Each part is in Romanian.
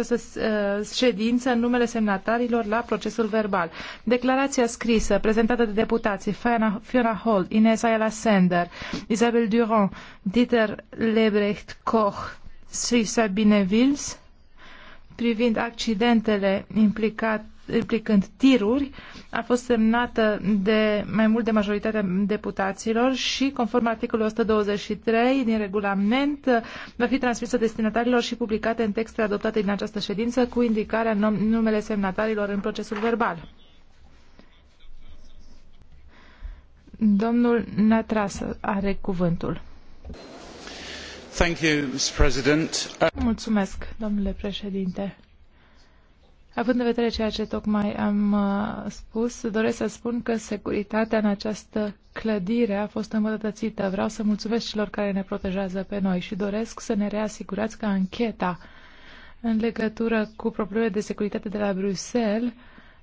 această uh, ședință în numele semnatarilor la procesul verbal. Declarația scrisă prezentată de deputații Fiona Hall, Ines Ayala Sender, Isabel Durand, Dieter Lebrecht Koch și Sabine Wills privind accidentele implicat, implicând tiruri a fost semnată de mai mult de majoritatea deputaților și, conform articolului 123 din regulament, va fi transmisă destinatarilor și publicată în texte adoptate din această ședință cu indicarea numele semnatarilor în procesul verbal. Domnul Natras are cuvântul. Uh, mulțumesc, domnule președinte. Având în vedere ceea ce tocmai am uh, spus, doresc să spun că securitatea în această clădire a fost îmbunătățită. Vreau să mulțumesc celor care ne protejează pe noi și doresc să ne reasigurați că ancheta în legătură cu problemele de securitate de la Bruxelles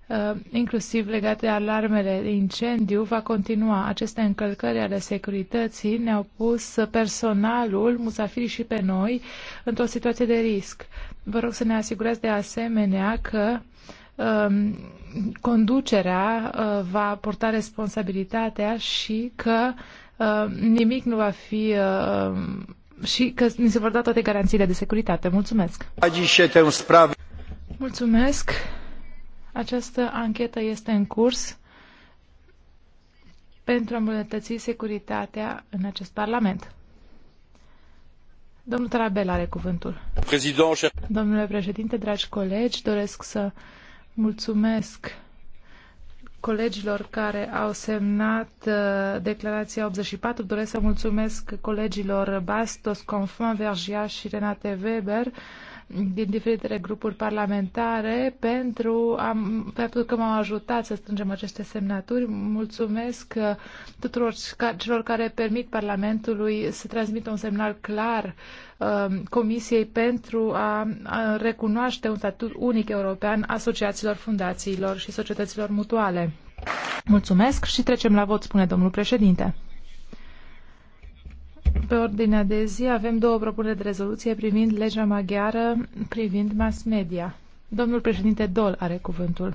Uh, inclusiv legate de alarmele de incendiu, va continua. Aceste încălcări ale securității ne-au pus personalul, musafirii și pe noi, într-o situație de risc. Vă rog să ne asigurați de asemenea că um, conducerea uh, va purta responsabilitatea și că uh, nimic nu va fi și că ni se vor da toate garanțiile de securitate. Mulțumesc! Mulțumesc! Această anchetă este în curs pentru a îmbunătăți securitatea în acest Parlament. Domnul Tarabel are cuvântul. President... Domnule președinte, dragi colegi, doresc să mulțumesc colegilor care au semnat uh, declarația 84. Doresc să mulțumesc colegilor Bastos, Confin, Vergia și Renate Weber din diferitele grupuri parlamentare pentru am, faptul că m-au ajutat să strângem aceste semnături. Mulțumesc uh, tuturor celor care permit Parlamentului să transmită un semnal clar uh, Comisiei pentru a recunoaște un statut unic european asociațiilor, fundațiilor și societăților mutuale. Mulțumesc și trecem la vot, spune domnul președinte. Pe ordinea de zi avem două propuneri de rezoluție privind legea maghiară privind mass media. Domnul președinte Dol are cuvântul.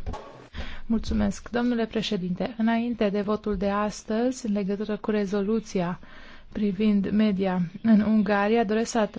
Mulțumesc. Domnule președinte, înainte de votul de astăzi, în legătură cu rezoluția privind media în Ungaria, doresc să atrag